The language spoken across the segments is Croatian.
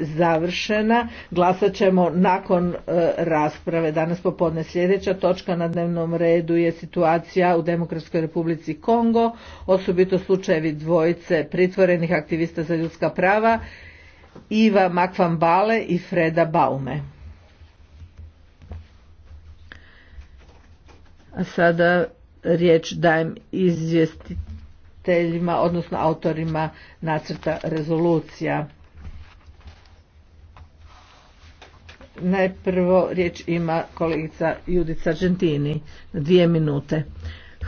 završena. Glasat ćemo nakon e, rasprave. Danas popodne sljedeća točka na dnevnom redu je situacija u Demokratskoj republici Kongo, osobito slučajevi dvojice pritvorenih aktivista za ljudska prava Iva Makvambale i Freda Baume. A sada riječ dajem izvjestiteljima, odnosno autorima nacrta rezolucija. Najprvo riječ ima kolegica Judica Gentini, dvije minute.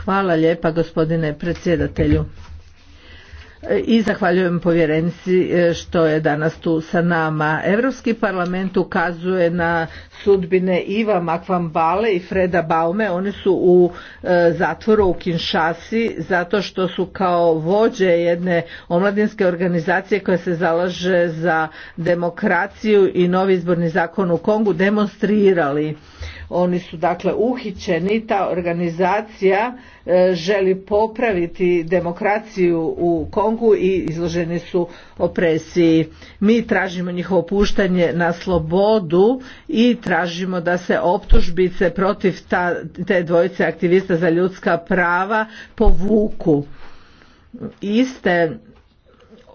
Hvala lijepa gospodine predsjedatelju i zahvaljujem povjerenici e, što je danas tu sa nama. Europski parlament ukazuje na sudbine Iva Makvambale i Freda Baume. Oni su u e, zatvoru u Kinshasi zato što su kao vođe jedne omladinske organizacije koja se zalaže za demokraciju i novi izborni zakon u Kongu demonstrirali oni su dakle uhićeni, ta organizacija e, želi popraviti demokraciju u Kongu i izloženi su opresiji. Mi tražimo njihovo puštanje na slobodu i tražimo da se optužbice protiv ta, te dvojice aktivista za ljudska prava povuku. Iste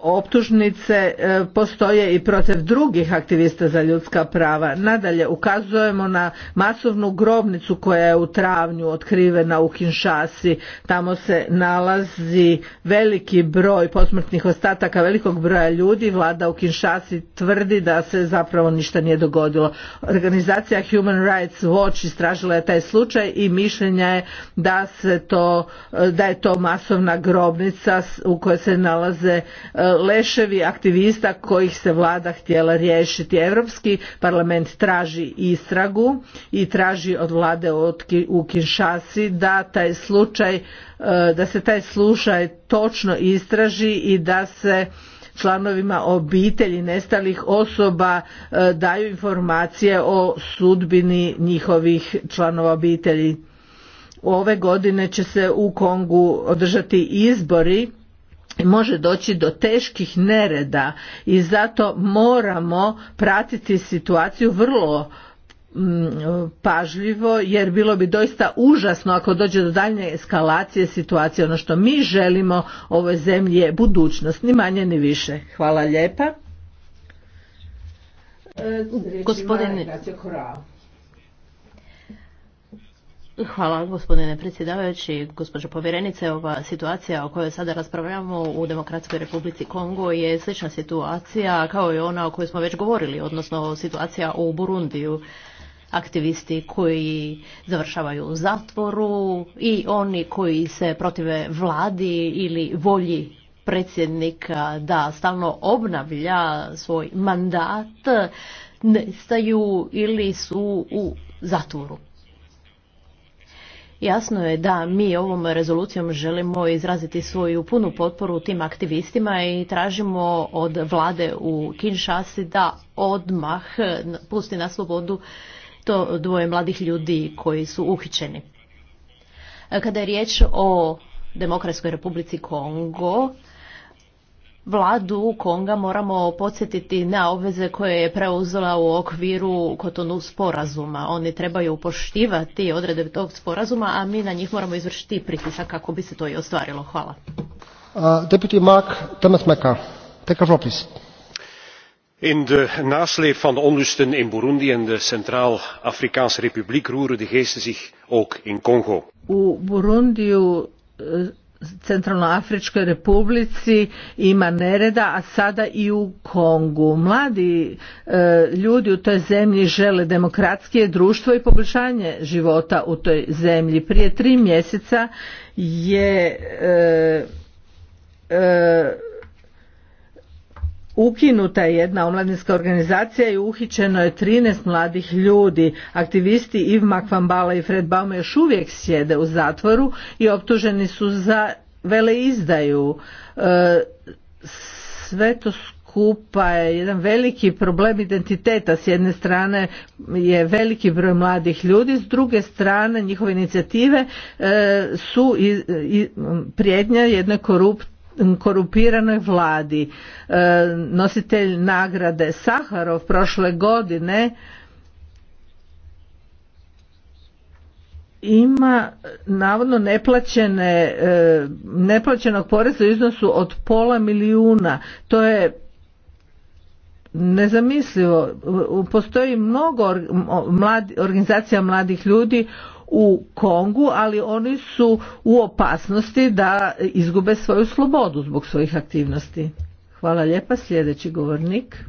optužnice e, postoje i protiv drugih aktivista za ljudska prava. Nadalje ukazujemo na masovnu grobnicu koja je u travnju otkrivena u Kinshasi. Tamo se nalazi veliki broj posmrtnih ostataka velikog broja ljudi. Vlada u Kinshasi tvrdi da se zapravo ništa nije dogodilo. Organizacija Human Rights Watch istražila je taj slučaj i mišljenja je da se to e, da je to masovna grobnica u kojoj se nalaze e, leševi aktivista kojih se vlada htjela riješiti. Europski parlament traži istragu i traži od vlade u Kinshasi da taj slučaj e, da se taj slučaj točno istraži i da se članovima obitelji nestalih osoba e, daju informacije o sudbini njihovih članova obitelji. Ove godine će se u Kongu održati izbori može doći do teških nereda i zato moramo pratiti situaciju vrlo mm, pažljivo jer bilo bi doista užasno ako dođe do daljnje eskalacije situacije. Ono što mi želimo ovoj zemlji je budućnost, ni manje ni više. Hvala lijepa. Gospodine Hvala gospodine predsjedavajući, gospođo povjerenice. Ova situacija o kojoj sada raspravljamo u Demokratskoj republici Kongo je slična situacija kao i ona o kojoj smo već govorili, odnosno situacija u Burundiju. Aktivisti koji završavaju u zatvoru i oni koji se protive vladi ili volji predsjednika da stalno obnavlja svoj mandat nestaju ili su u zatvoru. Jasno je da mi ovom rezolucijom želimo izraziti svoju punu potporu tim aktivistima i tražimo od vlade u Kinshasi da odmah pusti na slobodu to dvoje mladih ljudi koji su uhićeni. Kada je riječ o Demokratskoj republici Kongo, vladu Konga moramo podsjetiti na obveze koje je preuzela u okviru Kotonu sporazuma. Oni trebaju poštivati odrede tog sporazuma, a mi na njih moramo izvršiti pritisak kako bi se to i ostvarilo. Hvala. Uh, deputy Mark Temesmeka, take a in de nasleep van de onlusten in burundi en de centraal afrikaanse republiek roeren de geesten zich ook in congo. u burundiju eh, Centralnoafričkoj republici ima nereda, a sada i u Kongu. Mladi e, ljudi u toj zemlji žele demokratskije društvo i poboljšanje života u toj zemlji. Prije tri mjeseca je e, e, ukinuta je jedna omladinska organizacija i uhićeno je 13 mladih ljudi. Aktivisti Iv Makvambala i Fred Baume još uvijek sjede u zatvoru i optuženi su za veleizdaju. E, sve to skupa je jedan veliki problem identiteta. S jedne strane je veliki broj mladih ljudi, s druge strane njihove inicijative e, su i prijednja jedne korupte korumpiranoj vladi. E, nositelj nagrade Saharov prošle godine ima navodno neplaćene, e, neplaćenog poreza u iznosu od pola milijuna. To je nezamislivo. Postoji mnogo mladi, organizacija mladih ljudi u Kongu, ali oni su u opasnosti da izgube svoju slobodu zbog svojih aktivnosti. Hvala lijepa, sljedeći govornik.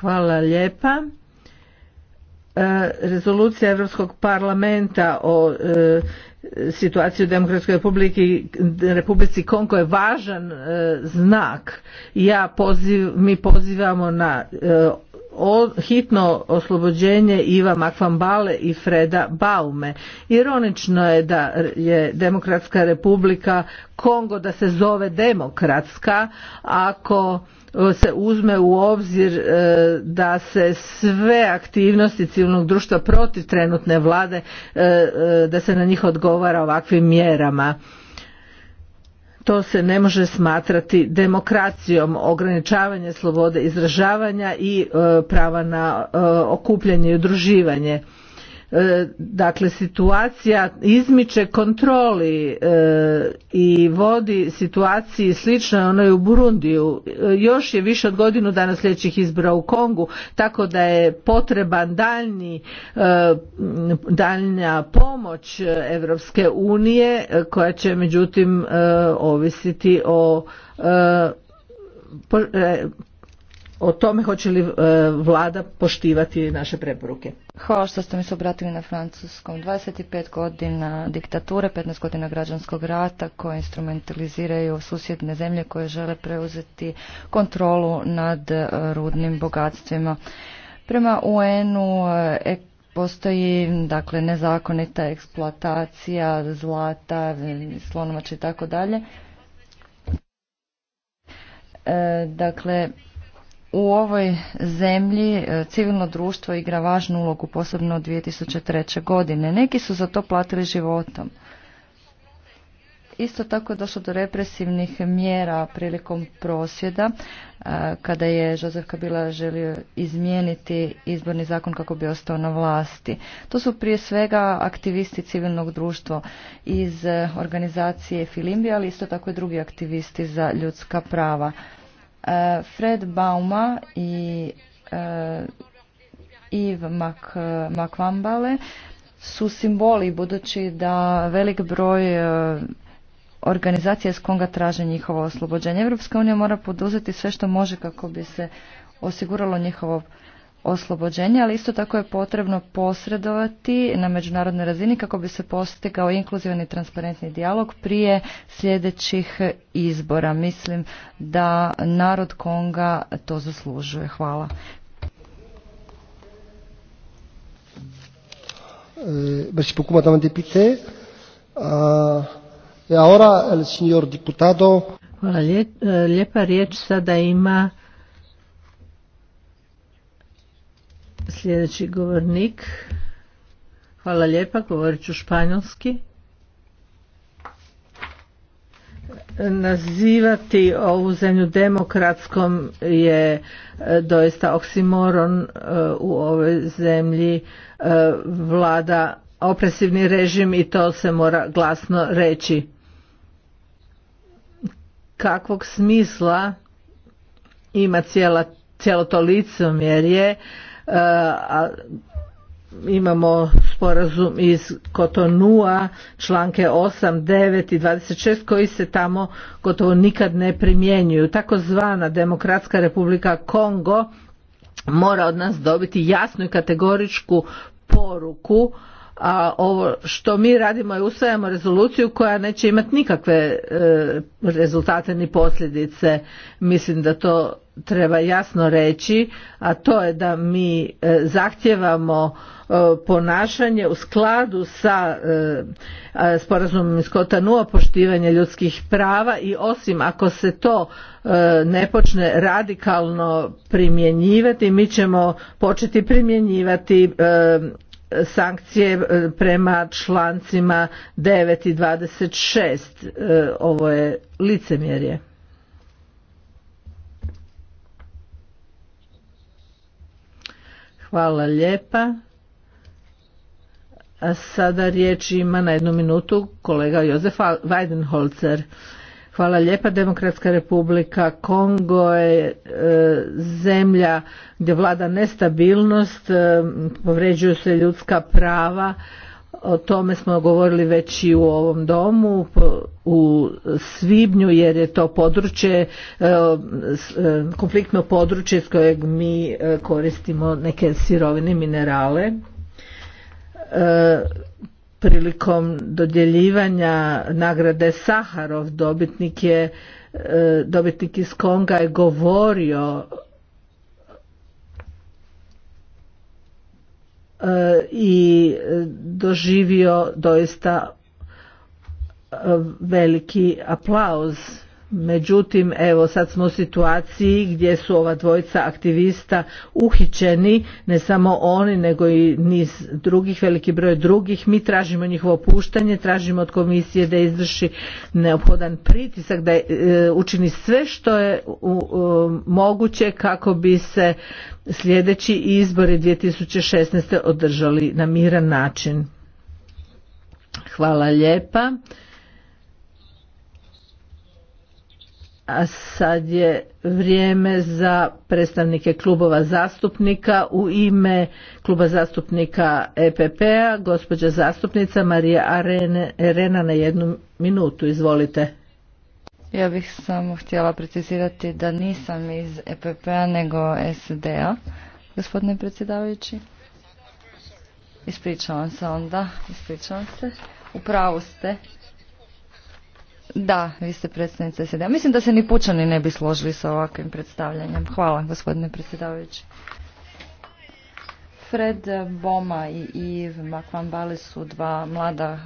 Hvala lijepa. E, rezolucija Europskog parlamenta o e, situaciji u Demokratskoj republiki, Republici Kongo je važan e, znak. Ja mi pozivamo na hitno oslobođenje Iva Makvambale i Freda Baume. Ironično je da je Demokratska republika Kongo da se zove demokratska ako e, se uzme u obzir e, da se sve aktivnosti civilnog društva protiv trenutne vlade e, da se na njih odgovara ovakvim mjerama to se ne može smatrati demokracijom ograničavanje slobode izražavanja i e, prava na e, okupljanje i udruživanje E, dakle situacija izmiče kontroli e, i vodi situaciji sličnoj onoj u Burundiju e, još je više od godinu dana sljedećih izbora u Kongu tako da je potreban daljnja pomoć Europske unije koja će međutim ovisiti o o tome hoće li e, vlada poštivati naše preporuke. Hvala što ste mi se obratili na francuskom. 25 godina diktature, 15 godina građanskog rata koje instrumentaliziraju susjedne zemlje koje žele preuzeti kontrolu nad e, rudnim bogatstvima. Prema UN-u e, postoji dakle nezakonita eksploatacija zlata, slonovača i tako dalje. Dakle, u ovoj zemlji e, civilno društvo igra važnu ulogu, posebno od 2003. godine. Neki su za to platili životom. Isto tako je došlo do represivnih mjera prilikom prosvjeda, e, kada je Jozef Kabila želio izmijeniti izborni zakon kako bi ostao na vlasti. To su prije svega aktivisti civilnog društva iz organizacije Filimbi, ali isto tako i drugi aktivisti za ljudska prava. Eh, Fred Bauma i eh, Yves Mac, su simboli budući da velik broj eh, organizacija s Konga traže njihovo oslobođenje. Europska unija mora poduzeti sve što može kako bi se osiguralo njihovo oslobođenje, ali isto tako je potrebno posredovati na međunarodnoj razini kako bi se postigao inkluzivan i transparentni dijalog prije sljedećih izbora. Mislim da narod Konga to zaslužuje. Hvala. Eh, merci beaucoup, Madame eh, diputado. Hvala eh, lijepa. Riječ sada ima Sljedeći govornik. Hvala lijepa, govorit ću španjolski. Nazivati ovu zemlju demokratskom je e, doista oksimoron e, u ovoj zemlji e, vlada opresivni režim i to se mora glasno reći. Kakvog smisla ima cijela cijelo to licemjerje e, a imamo sporazum iz Kotonua, članke 8, 9 i 26 koji se tamo gotovo nikad ne primjenjuju. Takozvana Demokratska republika Kongo mora od nas dobiti jasnu i kategoričku poruku a ovo što mi radimo je usvajamo rezoluciju koja neće imati nikakve e, rezultate ni posljedice. Mislim da to treba jasno reći, a to je da mi e, zahtjevamo e, ponašanje u skladu sa e, sporazumom iz Kotanua poštivanje ljudskih prava i osim ako se to ne počne radikalno primjenjivati mi ćemo početi primjenjivati sankcije prema člancima 9 i 26 ovo je licemjerje Hvala lijepa. A sada riječ ima na jednu minutu kolega Jozef Weidenholzer. Hvala lijepa. Demokratska republika Kongo je e, zemlja gdje vlada nestabilnost, e, povređuju se ljudska prava o tome smo govorili već i u ovom domu u Svibnju jer je to područje, e, e, konfliktno područje s kojeg mi e, koristimo neke sirovine minerale. Prilikom dodjeljivanja nagrade Saharov dobitnik je dobitnik iz Konga je govorio E, i doživio doista e, veliki aplauz Međutim, evo sad smo u situaciji gdje su ova dvojica aktivista uhićeni, ne samo oni nego i niz drugih, veliki broj drugih. Mi tražimo njihovo opuštanje, tražimo od komisije da izvrši neophodan pritisak, da e, učini sve što je moguće kako bi se sljedeći izbori 2016. održali na miran način. Hvala lijepa. A sad je vrijeme za predstavnike klubova zastupnika u ime kluba zastupnika EPP-a, gospođa zastupnica Marija Arena na jednu minutu, izvolite. Ja bih samo htjela precizirati da nisam iz EPP-a nego SD-a, gospodine predsjedavajući. Ispričavam se onda, ispričavam se. U pravu ste, da, vi ste predstavnica sed Mislim da se ni pučani ne bi složili sa ovakvim predstavljanjem. Hvala, gospodine predsjedavajući. Fred Boma i Yves Makvambali su dva mlada e,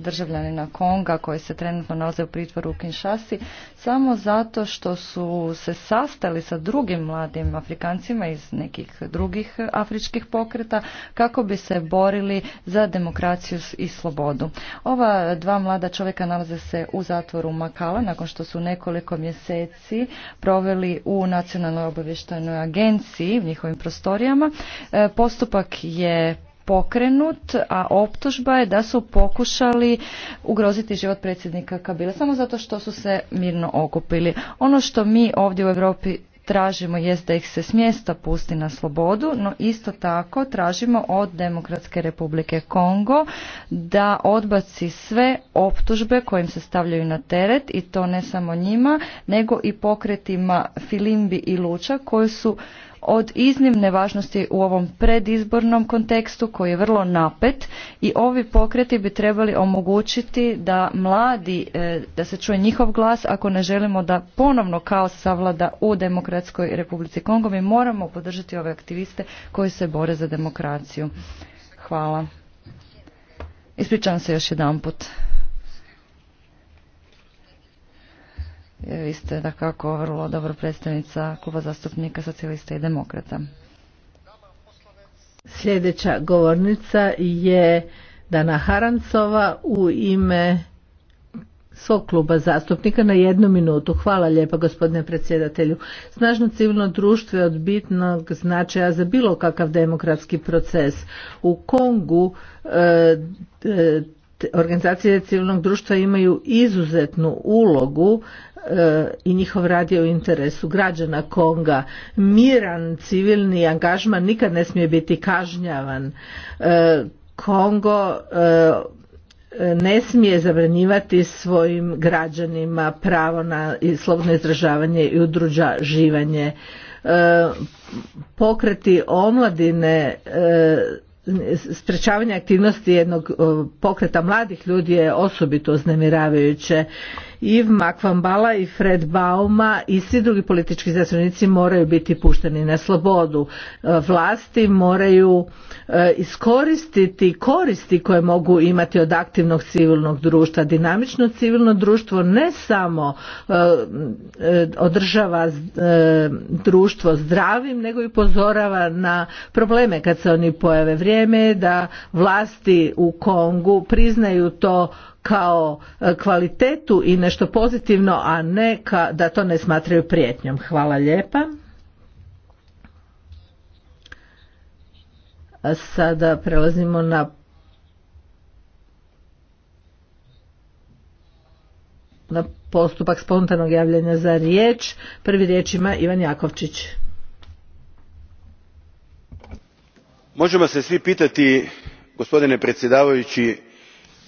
državljanina Konga koji se trenutno nalaze u pritvoru u Kinshasi samo zato što su se sastali sa drugim mladim Afrikancima iz nekih drugih afričkih pokreta kako bi se borili za demokraciju i slobodu. Ova dva mlada čovjeka nalaze se u zatvoru Makala nakon što su nekoliko mjeseci proveli u Nacionalnoj obavještajnoj agenciji u njihovim prostorijama. E, POS Postupak je pokrenut, a optužba je da su pokušali ugroziti život predsjednika Kabila samo zato što su se mirno okupili. Ono što mi ovdje u Europi tražimo jest da ih se s mjesta pusti na slobodu, no isto tako tražimo od Demokratske republike Kongo da odbaci sve optužbe kojim se stavljaju na teret i to ne samo njima, nego i pokretima Filimbi i Luča koji su od iznimne važnosti u ovom predizbornom kontekstu koji je vrlo napet i ovi pokreti bi trebali omogućiti da mladi, e, da se čuje njihov glas ako ne želimo da ponovno kaos savlada u Demokratskoj Republici Kongo. Mi moramo podržati ove aktiviste koji se bore za demokraciju. Hvala. Ispričavam se još jedanput E, vi ste da kako vrlo dobro predstavnica kluba zastupnika socijalista i demokrata. Sljedeća govornica je Dana Harancova u ime svog kluba zastupnika na jednu minutu. Hvala lijepa gospodine predsjedatelju. Snažno civilno društvo je od bitnog značaja za bilo kakav demokratski proces. U Kongu e, e, organizacije civilnog društva imaju izuzetnu ulogu e, i njihov rad je u interesu građana Konga. Miran civilni angažman nikad ne smije biti kažnjavan. E, Kongo e, ne smije zabranjivati svojim građanima pravo na slobodno izražavanje i živanje. Pokreti omladine sprečavanje aktivnosti jednog pokreta mladih ljudi je osobito uznemiravajuće Iv Makvambala i Fred Bauma i svi drugi politički zatvorenici moraju biti pušteni na slobodu. E, vlasti moraju e, iskoristiti koristi koje mogu imati od aktivnog civilnog društva. Dinamično civilno društvo ne samo e, održava društvo zdravim, nego i pozorava na probleme kad se oni pojave. Vrijeme je da vlasti u Kongu priznaju to kao e, kvalitetu i nešto pozitivno, a ne ka, da to ne smatraju prijetnjom. Hvala lijepa. sada prelazimo na na postupak spontanog javljanja za riječ. Prvi riječ ima Ivan Jakovčić. Možemo se svi pitati, gospodine predsjedavajući,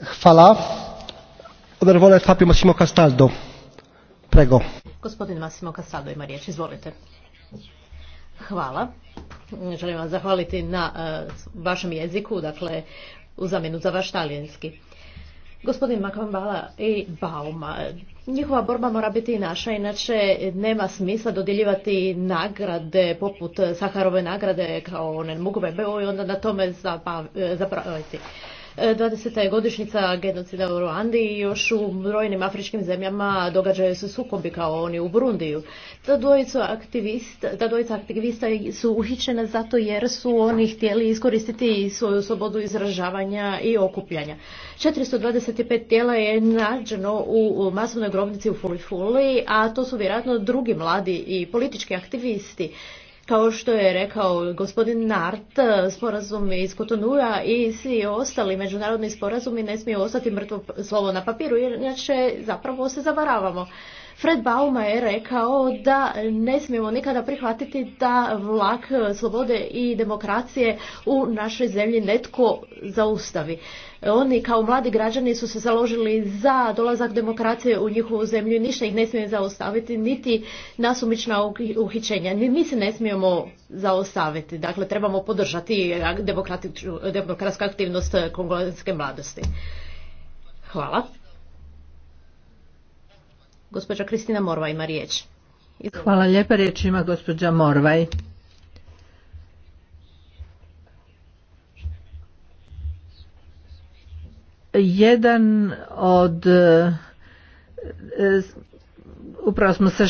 Hvala. Massimo Castaldo. Prego. Gospodin Massimo Castaldo ima riječ, izvolite. Hvala. Želim vam zahvaliti na e, vašem jeziku, dakle u zamjenu za vaš talijanski. Gospodin Makambala i Bauma, njihova borba mora biti i naša, inače nema smisla dodjeljivati nagrade poput Saharove nagrade kao one Mugove i onda na tome zapraviti. E, 20. je godišnjica genocida u Ruandi i još u brojnim afričkim zemljama događaju se sukobi kao oni u Burundiju. Ta dvojica aktivista, ta dvojica aktivista su uhićena zato jer su oni htjeli iskoristiti svoju slobodu izražavanja i okupljanja. 425 tijela je nađeno u masovnoj grobnici u Fulifuli, a to su vjerojatno drugi mladi i politički aktivisti. Kao što je rekao gospodin Nart, sporazum iz Kotonuja i svi ostali međunarodni sporazumi ne smiju ostati mrtvo slovo na papiru, jer inače zapravo se zavaravamo. Fred Bauma je rekao da ne smijemo nikada prihvatiti da vlak slobode i demokracije u našoj zemlji netko zaustavi. Oni kao mladi građani su se založili za dolazak demokracije u njihovu zemlju i ništa ih ne smije zaustaviti, niti nasumična uhićenja. mi se ne smijemo zaustaviti. Dakle, trebamo podržati demokratsku aktivnost kongolanske mladosti. Hvala. Gospođa Kristina Morvaj ima riječ. Hvala lijepa, riječ ima gospođa Morvaj. Jedan od e, upravo smo sa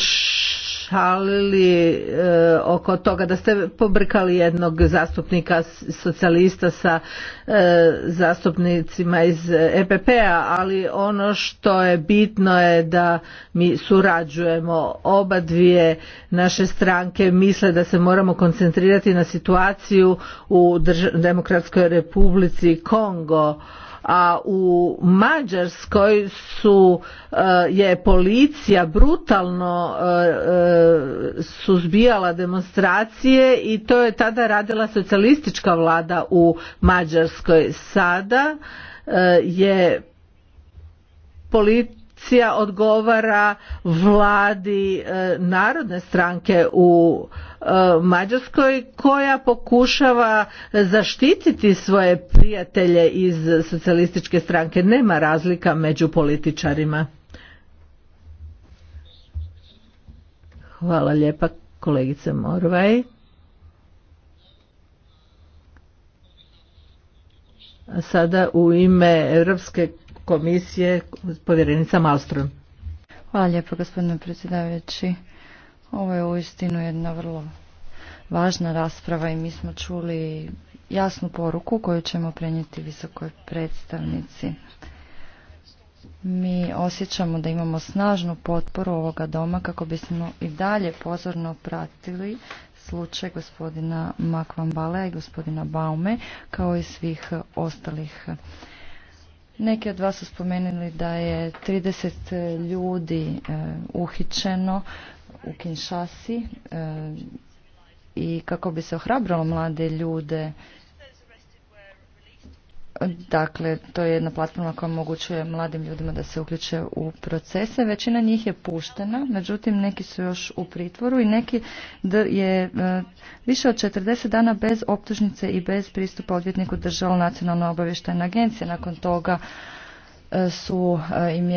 ali e, oko toga da ste pobrkali jednog zastupnika socijalista sa e, zastupnicima iz EPP-a, ali ono što je bitno je da mi surađujemo. Oba dvije naše stranke misle da se moramo koncentrirati na situaciju u Demokratskoj republici Kongo a u Mađarskoj su e, je policija brutalno e, e, suzbijala demonstracije i to je tada radila socijalistička vlada u Mađarskoj sada je policija odgovara vladi e, narodne stranke u e, Mađarskoj koja pokušava zaštititi svoje prijatelje iz socijalističke stranke. Nema razlika među političarima. Hvala lijepa kolegice Morvaj. Sada u ime Europske komisije povjerenica Malstrom. Hvala lijepo gospodine predsjedavajući. Ovo je uistinu jedna vrlo važna rasprava i mi smo čuli jasnu poruku koju ćemo prenijeti visokoj predstavnici. Mi osjećamo da imamo snažnu potporu ovoga doma kako bismo i dalje pozorno pratili slučaj gospodina Makvambalea i gospodina Baume kao i svih ostalih neki od vas su spomenuli da je 30 e, ljudi e, uhičeno u Kinshasi e, i kako bi se ohrabralo mlade ljude Dakle, to je jedna platforma koja omogućuje mladim ljudima da se uključe u procese. Većina njih je puštena, međutim neki su još u pritvoru i neki je e, više od 40 dana bez optužnice i bez pristupa odvjetniku državu nacionalno obavještajna agencije Nakon toga su e, im,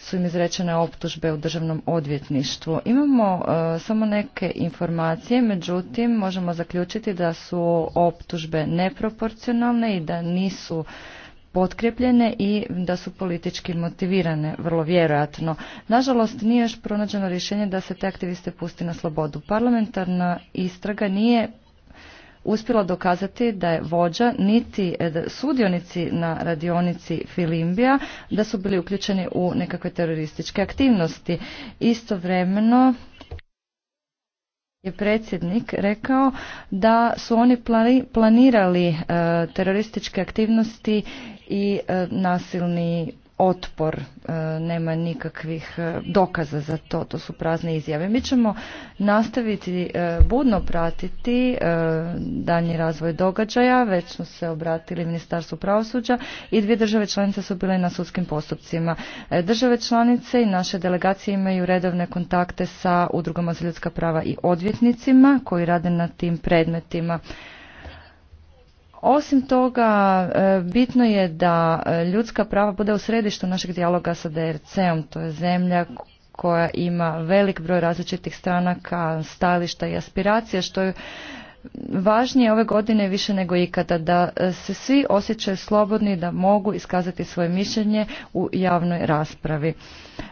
su im izrečene optužbe u državnom odvjetništvu. Imamo e, samo neke informacije, međutim možemo zaključiti da su optužbe neproporcionalne i da nisu potkrepljene i da su politički motivirane, vrlo vjerojatno. Nažalost, nije još pronađeno rješenje da se te aktiviste pusti na slobodu. Parlamentarna istraga nije uspjela dokazati da je vođa niti e, sudionici na radionici Filimbija da su bili uključeni u nekakve terorističke aktivnosti. Istovremeno je predsjednik rekao da su oni planirali e, terorističke aktivnosti i e, nasilni otpor, e, nema nikakvih e, dokaza za to, to su prazne izjave. Mi ćemo nastaviti e, budno pratiti danji razvoj događaja, već smo se obratili Ministarstvu pravosuđa i dvije države članice su bile na sudskim postupcima. Države članice i naše delegacije imaju redovne kontakte sa udrugama za ljudska prava i odvjetnicima koji rade na tim predmetima. Osim toga, e, bitno je da e, ljudska prava bude u središtu našeg dijaloga sa DRC-om. To je zemlja koja ima velik broj različitih stranaka, stajališta i aspiracija, što je važnije ove godine više nego ikada da e, se svi osjećaju slobodni da mogu iskazati svoje mišljenje u javnoj raspravi.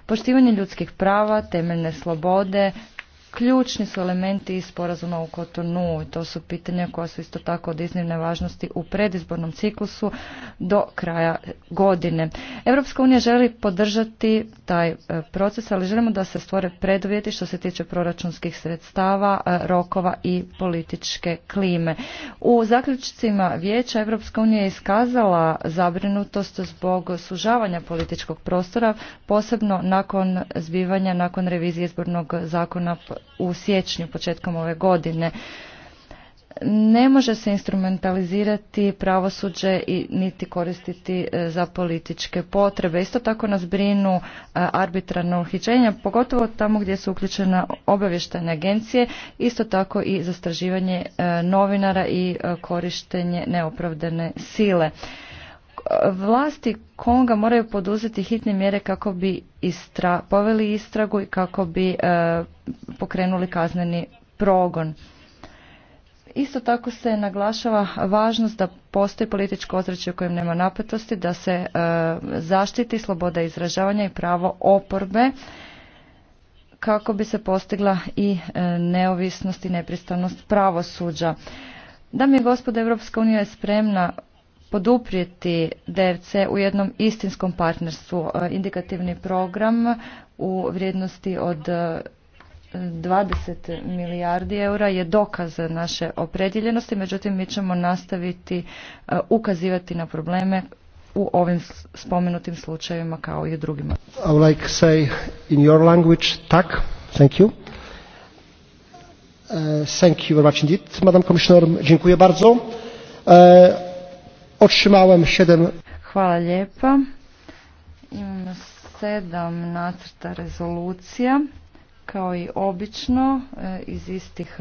Poštivanje ljudskih prava, temeljne slobode, ključni su elementi iz sporazuma u Kotonu i to su pitanja koja su isto tako od iznimne važnosti u predizbornom ciklusu do kraja godine. Europska unija želi podržati taj e, proces, ali želimo da se stvore preduvjeti što se tiče proračunskih sredstava, e, rokova i političke klime. U zaključcima vijeća Europska unija je iskazala zabrinutost zbog sužavanja političkog prostora, posebno nakon zbivanja nakon revizije izbornog zakona u siječnju početkom ove godine. Ne može se instrumentalizirati pravosuđe i niti koristiti e, za političke potrebe. Isto tako nas brinu e, arbitrarna uhićenja, pogotovo tamo gdje su uključene obavještajne agencije, isto tako i zastraživanje e, novinara i korištenje neopravdane sile vlasti Konga moraju poduzeti hitne mjere kako bi istra, poveli istragu i kako bi e, pokrenuli kazneni progon. Isto tako se naglašava važnost da postoji političko ozračje u kojem nema napetosti, da se e, zaštiti sloboda izražavanja i pravo oporbe kako bi se postigla i e, neovisnost i nepristranost pravosuđa. Dame i gospode, Europska unija je spremna poduprijeti DFC u jednom istinskom partnerstvu. E, indikativni program u vrijednosti od 20 e, milijardi eura je dokaz naše opredjeljenosti, međutim mi ćemo nastaviti e, ukazivati na probleme u ovim spomenutim slučajevima kao i u drugima. I like say in your language, tak, thank you. thank you Madam Commissioner, dziękuję bardzo otrzymałem siedem... Hvala lijepa. Imamo sedam nacrta rezolucija, kao i obično, e, iz istih